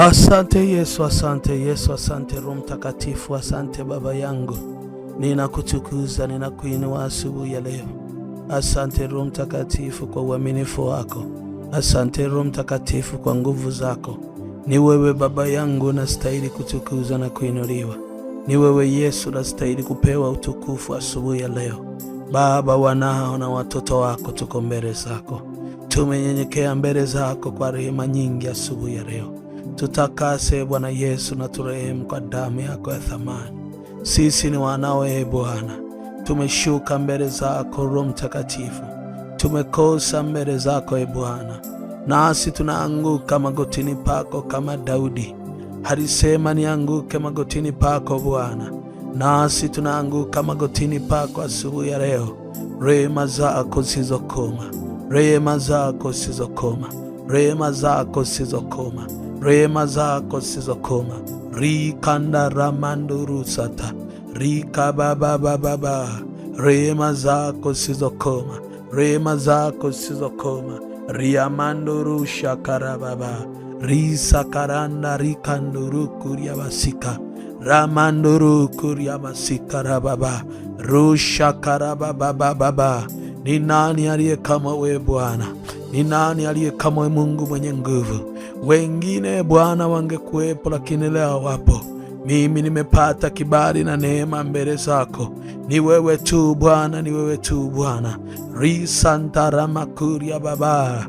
Asante Yesu, asante Yesu, asante Roho Mtakatifu, asante Baba yangu, ninakutukuza, ninakuinua asubuhi ya leo. Asante Roho Mtakatifu kwa uaminifu wako, asante Roho Mtakatifu kwa nguvu zako. Ni wewe Baba yangu nastahili kutukuzwa na kuinuliwa, ni wewe Yesu nastahili kupewa utukufu asubuhi ya leo. Baba, wanao na watoto wako tuko mbele zako, tumenyenyekea mbele zako kwa rehema nyingi asubuhi ya leo Tutakase Bwana Yesu na turehemu kwa damu yako ya thamani. Sisi ni wanawe e Bwana, tumeshuka mbele zako, Roho Mtakatifu, tumekosa mbele zako, e Bwana, nasi tunaanguka magotini pako kama Daudi alisema, nianguke magotini pako Bwana, nasi tunaanguka magotini pako asubuhi ya leo. Rehema zako zisizokoma, rehema zako zisizokoma, rehema zako zisizokoma rehema zako zisizokoma rikanda ramandurusata rikababababa rehema zako zisizokoma rehema zako zisizokoma riamandurushakarababa risakaranda rikandurukuriabasika ramandurukuriabasikarababa rushakarababababa ni nani aliye kama we Bwana? Ni nani aliye kama Mungu mwenye nguvu? Wengine Bwana wangekuwepo, lakini leo hawapo. Mimi nimepata kibali na neema mbele zako. Ni wewe tu Bwana, ni wewe tu Bwana. risantaramakuria baba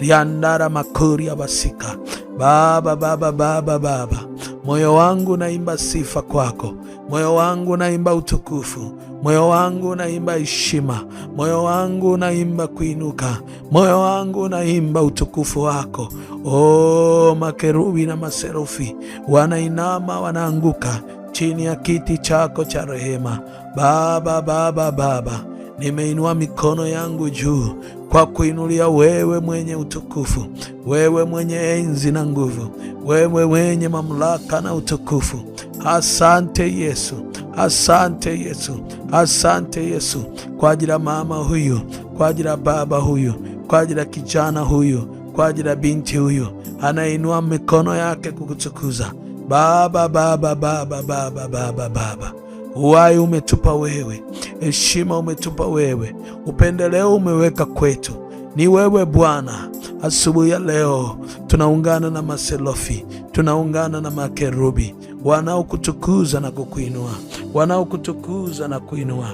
riandara makuria basika Baba, baba, baba, baba, moyo wangu naimba sifa kwako, moyo wangu naimba utukufu, moyo wangu naimba heshima, Moyo wangu unaimba kuinuka, moyo wangu unaimba utukufu wako. O, makerubi na maserufi wanainama, wanaanguka chini ya kiti chako cha rehema. Baba, Baba, Baba, nimeinua mikono yangu juu kwa kuinulia wewe mwenye utukufu, wewe mwenye enzi na nguvu, wewe mwenye mamlaka na utukufu. Asante Yesu. Asante Yesu, asante Yesu kwa ajili ya mama huyu, kwa ajili ya baba huyu, kwa ajili ya kijana huyu, kwa ajili ya binti huyu anainua mikono yake kukutukuza Baba, Baba, Baba, Baba, Baba, Baba. Uhai umetupa wewe, heshima umetupa wewe, upendeleo umeweka kwetu ni wewe Bwana. Asubuhi ya leo tunaungana na maselofi, tunaungana na makerubi wanaokutukuza na kukuinua, wanaokutukuza na kuinua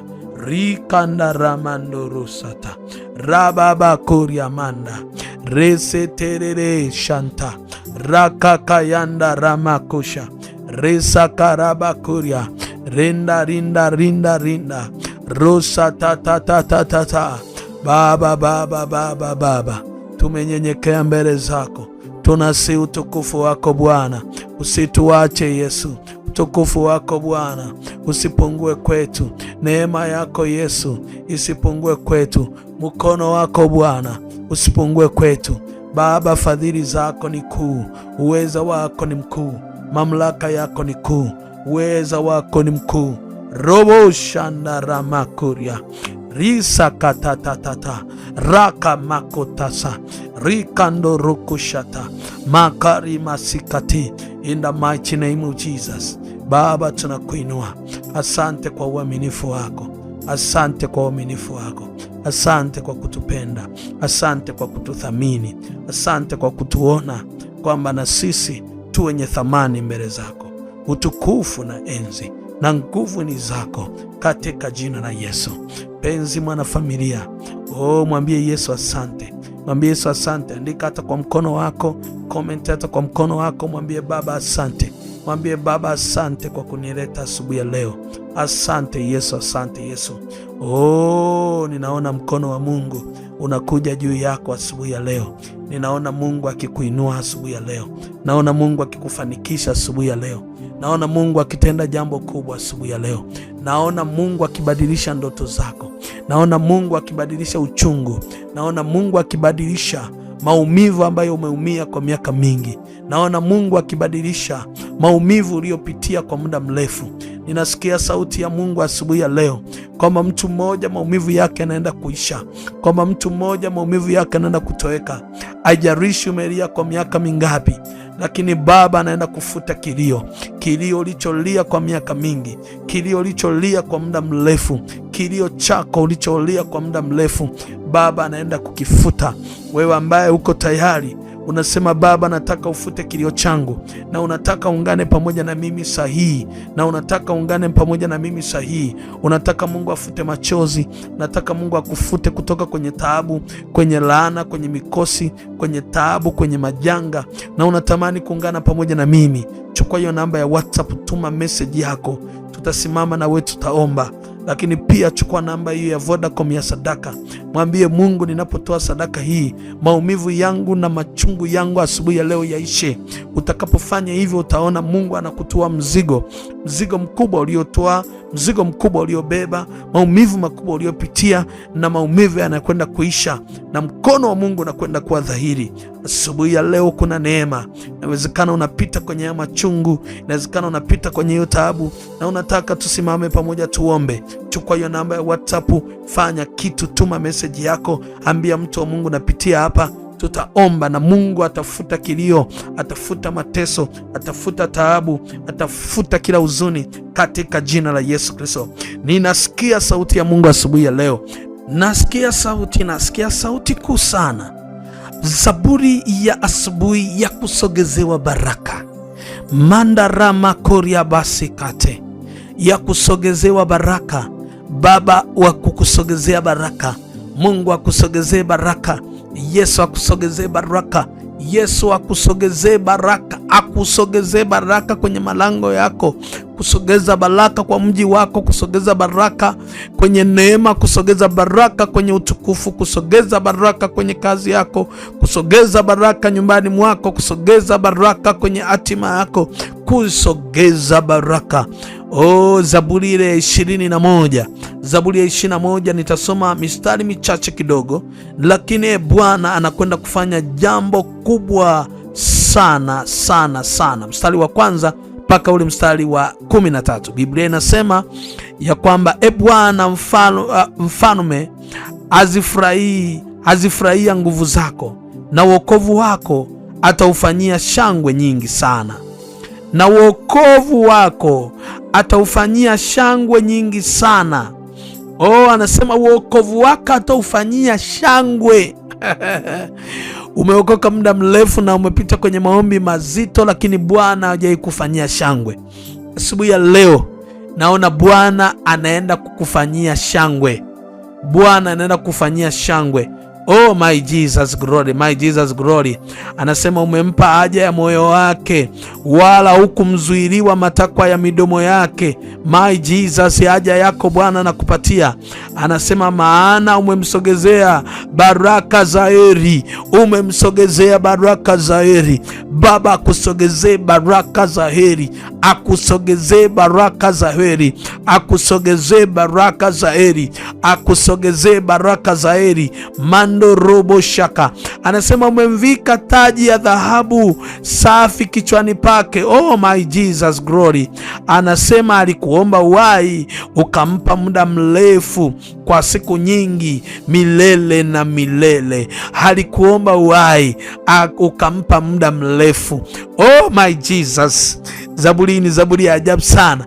rikandaramandorosata rababakoriamanda reseterere shanta rakakayanda ramakosha resakarabakoria renda rinda rinda rinda rosa ta ta Baba, Baba, Baba, Baba, tumenyenyekea mbele zako, tunasi utukufu wako Bwana, usituache Yesu utukufu wako Bwana usipungue kwetu, neema yako Yesu isipungue kwetu, mkono wako Bwana usipungue kwetu. Baba, fadhili zako ni kuu, uweza wako ni mkuu, mamlaka yako ni kuu, uweza wako ni mkuu. robo shanda ramakuria risakatatata raka makotasa rikando rukushata makari masikati. In the mighty name of Jesus. Baba, tunakuinua asante kwa uaminifu wako, asante kwa uaminifu wako, asante kwa kutupenda, asante kwa kututhamini, asante kwa kutuona kwamba na sisi tu wenye thamani mbele zako. Utukufu na enzi na nguvu ni zako katika jina la Yesu. Penzi mwanafamilia, oh, mwambie Yesu asante, mwambie Yesu asante. Andika hata kwa mkono wako, comment hata kwa mkono wako, mwambie Baba asante, mwambie Baba asante kwa kunileta asubuhi ya leo. Asante Yesu, asante Yesu. Oh, ninaona mkono wa Mungu unakuja juu yako asubuhi ya leo. Ninaona Mungu akikuinua asubuhi ya leo, naona Mungu akikufanikisha asubuhi ya leo. Naona Mungu akitenda jambo kubwa asubuhi ya leo. Naona Mungu akibadilisha ndoto zako. Naona Mungu akibadilisha uchungu. Naona Mungu akibadilisha maumivu ambayo umeumia kwa miaka mingi. Naona Mungu akibadilisha maumivu uliyopitia kwa muda mrefu. Ninasikia sauti ya Mungu asubuhi ya leo kwamba mtu mmoja maumivu yake anaenda kuisha, kwamba mtu mmoja maumivu yake anaenda kutoweka. Haijalishi umelia kwa miaka mingapi, lakini Baba anaenda kufuta kilio, kilio ulicholia kwa miaka mingi, kilio ulicholia kwa muda mrefu, kilio chako ulicholia kwa muda mrefu, Baba anaenda kukifuta. Wewe ambaye uko tayari Unasema Baba, nataka ufute kilio changu, na unataka ungane pamoja na mimi sahihi, na unataka ungane pamoja na mimi sahihi. Unataka Mungu afute machozi, nataka Mungu akufute kutoka kwenye taabu, kwenye laana, kwenye mikosi, kwenye taabu, kwenye majanga, na unatamani kuungana pamoja na mimi. Chukua hiyo namba ya WhatsApp, tuma meseji yako, tutasimama na wewe, tutaomba lakini pia chukua namba hiyo ya Vodacom ya sadaka, mwambie Mungu, ninapotoa sadaka hii maumivu yangu na machungu yangu asubuhi ya leo yaishe. Utakapofanya hivyo, utaona Mungu anakutua mzigo, mzigo mkubwa uliotoa, mzigo mkubwa uliobeba, maumivu makubwa uliopitia, na maumivu yanakwenda kuisha, na mkono wa Mungu unakwenda kuwa dhahiri. Asubuhi ya leo kuna neema. Inawezekana unapita kwenye haya machungu, inawezekana unapita kwenye hiyo taabu na unataka tusimame pamoja tuombe, chukua hiyo namba ya WhatsApp, fanya kitu, tuma meseji yako, ambia mtu wa Mungu napitia hapa tutaomba na Mungu atafuta kilio, atafuta mateso, atafuta taabu, atafuta kila huzuni katika jina la Yesu Kristo. Ninasikia sauti ya Mungu asubuhi ya leo, nasikia sauti, nasikia sauti kuu sana. Zaburi ya asubuhi ya kusogezewa baraka mandarama koria basi kate ya kusogezewa baraka. Baba wa kukusogezea baraka, Mungu akusogezee baraka, Yesu akusogezee baraka, Yesu akusogezee baraka, akusogezee baraka kwenye malango yako, kusogeza baraka kwa mji wako, kusogeza baraka kwenye neema, kusogeza baraka kwenye utukufu, kusogeza baraka kwenye kazi yako, kusogeza baraka nyumbani mwako, kusogeza baraka kwenye hatima yako, kusogeza baraka. Oh, Zaburi ile ya ishirini na moja Zaburi ya ishirini na moja nitasoma mistari michache kidogo, lakini e, Bwana anakwenda kufanya jambo kubwa sana sana sana. Mstari wa kwanza mpaka ule mstari wa kumi na tatu Biblia inasema ya kwamba e Bwana mfalme azifurahia nguvu zako, na wokovu wako ataufanyia shangwe nyingi sana, na wokovu wako ataufanyia shangwe nyingi sana. Oh, anasema wokovu wako ataufanyia shangwe. Umeokoka muda mrefu na umepita kwenye maombi mazito, lakini Bwana hajai kufanyia shangwe. Asubuhi ya leo naona Bwana anaenda kukufanyia shangwe. Bwana anaenda kukufanyia shangwe. Oh my Jesus glory, my Jesus glory. Anasema umempa haja ya moyo wake, wala hukumzuiliwa matakwa ya midomo yake. My Jesus, haja yako Bwana nakupatia. Anasema maana umemsogezea baraka za heri, umemsogezea baraka za heri. Baba akusogezee baraka za heri, akusogezee baraka za heri, akusogezee baraka za heri, akusogezee baraka za heri man Mando robo shaka anasema umemvika taji ya dhahabu safi kichwani pake. Oh my Jesus glory. Anasema alikuomba uhai ukampa muda mrefu kwa siku nyingi, milele na milele. Alikuomba uhai ukampa muda mrefu. Oh my Jesus. Zaburi ni zaburi ya ajabu sana.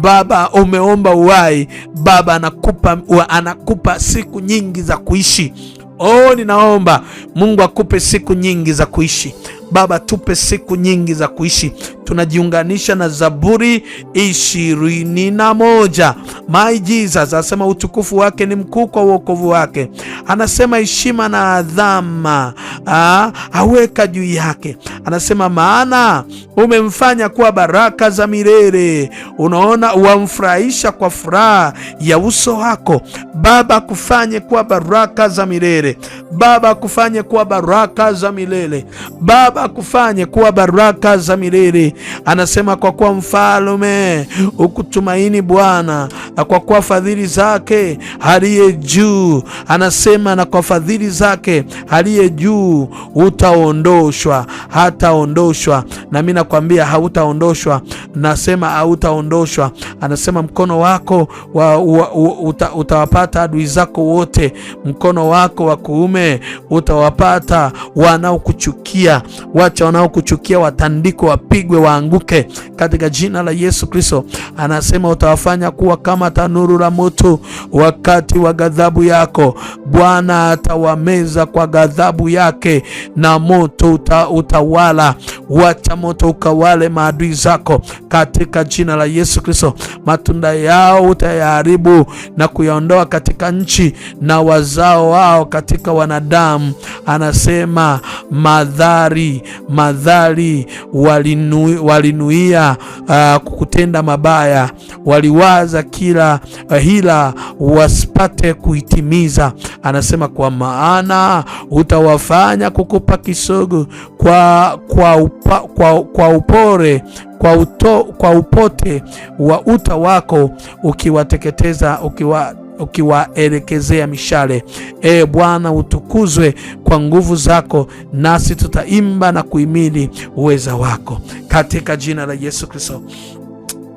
Baba, umeomba uhai Baba anakupa, anakupa siku nyingi za kuishi Oh, ninaomba Mungu akupe siku nyingi za kuishi. Baba, tupe siku nyingi za kuishi tunajiunganisha na Zaburi ishirini na moja. My Jesus asema utukufu wake ni mkuu kwa uokovu wake, anasema heshima na adhama ah, aweka juu yake, anasema maana umemfanya kuwa baraka za milele. Unaona, wamfurahisha kwa furaha ya uso wako. Baba akufanye kuwa baraka za milele, Baba akufanye kuwa baraka za milele, Baba akufanye kuwa baraka za milele anasema kwa kuwa mfalme ukutumaini Bwana, na kwa kuwa fadhili zake haliye juu, anasema na kwa fadhili zake haliye juu utaondoshwa hataondoshwa. Nami nakwambia hautaondoshwa, nasema hautaondoshwa. Anasema mkono wako wa, wa, uta, utawapata adui zako wote, mkono wako wa kuume utawapata wanaokuchukia. Wacha wanaokuchukia watandikwe, wapigwe waanguke katika jina la Yesu Kristo. Anasema utawafanya kuwa kama tanuru la moto wakati wa ghadhabu yako. Bwana atawameza kwa ghadhabu yake na moto uta, utawala. Wacha moto ukawale maadui zako katika jina la Yesu Kristo. Matunda yao utayaharibu na kuyaondoa katika nchi na wazao wao katika wanadamu. Anasema madhari madhari walinui walinuia uh, ah, kutenda mabaya, waliwaza kila uh, hila wasipate kuitimiza. Anasema kwa maana utawafanya kukupa kisogo kwa, kwa, upa, kwa, kwa upore kwa, uto, kwa upote wa uta wako ukiwateketeza ukiwa ukiwaelekezea mishale. E Bwana, utukuzwe kwa nguvu zako, nasi tutaimba na kuimili uweza wako katika jina la Yesu Kristo.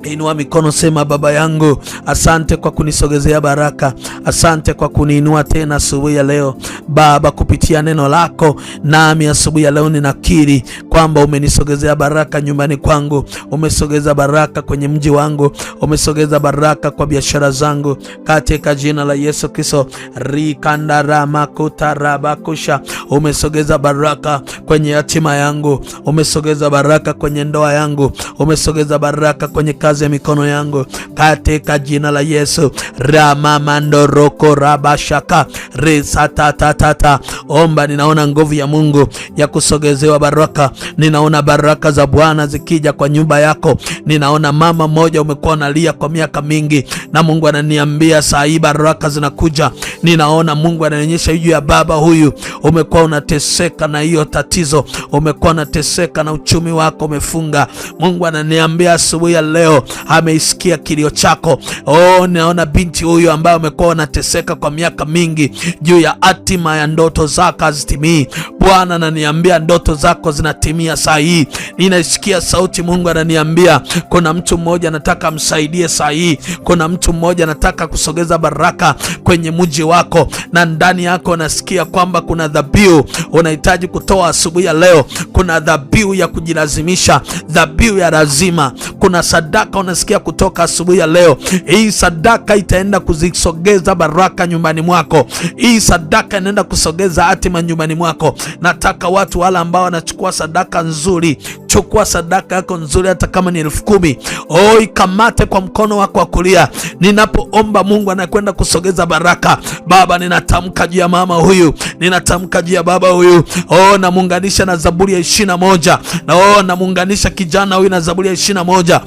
Inua mikono, sema: Baba yangu, asante kwa kunisogezea baraka, asante kwa kuniinua tena asubuhi ya leo Baba, kupitia neno lako. Nami asubuhi ya leo ninakiri kwamba umenisogezea baraka nyumbani kwangu, umesogeza baraka kwenye mji wangu, umesogeza baraka kwa biashara zangu, katika jina la Yesu Kristo. rikandarakutarabakusha umesogeza baraka kwenye hatima yangu, umesogeza baraka kwenye ndoa yangu, umesogeza baraka kwenye kazi ya mikono yangu katika jina la Yesu. ramamandoroko rabashaka risatatatata. Omba, ninaona nguvu ya Mungu ya kusogezewa baraka, ninaona baraka za Bwana zikija kwa nyumba yako. Ninaona mama mmoja umekuwa unalia kwa miaka mingi, na Mungu ananiambia saa hii baraka zinakuja. Ninaona Mungu ananionyesha juu ya baba huyu, umekuwa unateseka na hiyo tatizo, umekuwa unateseka na uchumi wako umefunga. Mungu ananiambia asubuhi ya leo ameisikia kilio chako. Oh, naona binti huyu ambaye amekuwa unateseka kwa miaka mingi juu ya hatima ya ndoto zako hazitimii. Bwana ananiambia ndoto zako zinatimia saa hii. Ninaisikia sauti, Mungu ananiambia kuna mtu mmoja anataka msaidie saa hii, kuna mtu mmoja anataka kusogeza baraka kwenye mji wako, na ndani yako nasikia kwamba kuna dhabihu unahitaji kutoa asubuhi ya leo. Kuna dhabihu ya kujilazimisha, dhabihu ya lazima, kuna sadaka baraka unasikia kutoka asubuhi ya leo. Hii sadaka itaenda kuzisogeza baraka nyumbani mwako. Hii sadaka inaenda kusogeza hatima nyumbani mwako. Nataka watu wale ambao wanachukua sadaka nzuri, chukua sadaka yako nzuri, hata kama ni elfu kumi oh, ikamate kwa mkono wako wa kulia. Ninapoomba Mungu anakwenda kusogeza baraka. Baba, ninatamka juu ya mama huyu, ninatamka juu ya baba huyu oh, namuunganisha na Zaburi ya ishirini na moja na oh, namuunganisha kijana huyu na Zaburi ya ishirini na moja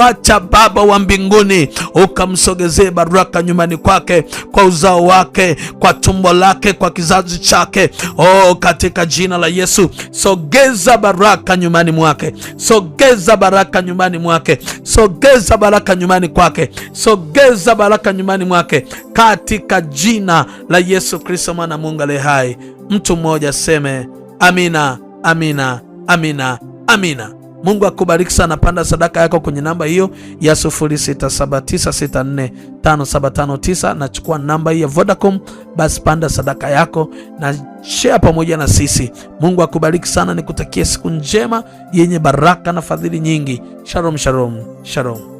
kuacha Baba wa mbinguni, ukamsogezee baraka nyumbani kwake, kwa uzao wake, kwa tumbo lake, kwa kizazi chake. Oh, katika jina la Yesu, sogeza baraka nyumbani mwake, sogeza baraka nyumbani mwake, sogeza baraka nyumbani kwake, sogeza baraka nyumbani mwake, katika jina la Yesu Kristo, mwana Mungu aliye hai. Mtu mmoja aseme amina, amina, amina, amina. Mungu akubariki sana. Panda sadaka yako kwenye namba hiyo ya 0679645759 nachukua namba hii ya Vodacom. Basi panda sadaka yako na share pamoja na sisi. Mungu akubariki sana, nikutakie siku njema yenye baraka na fadhili nyingi. Shalom, shalom, shalom.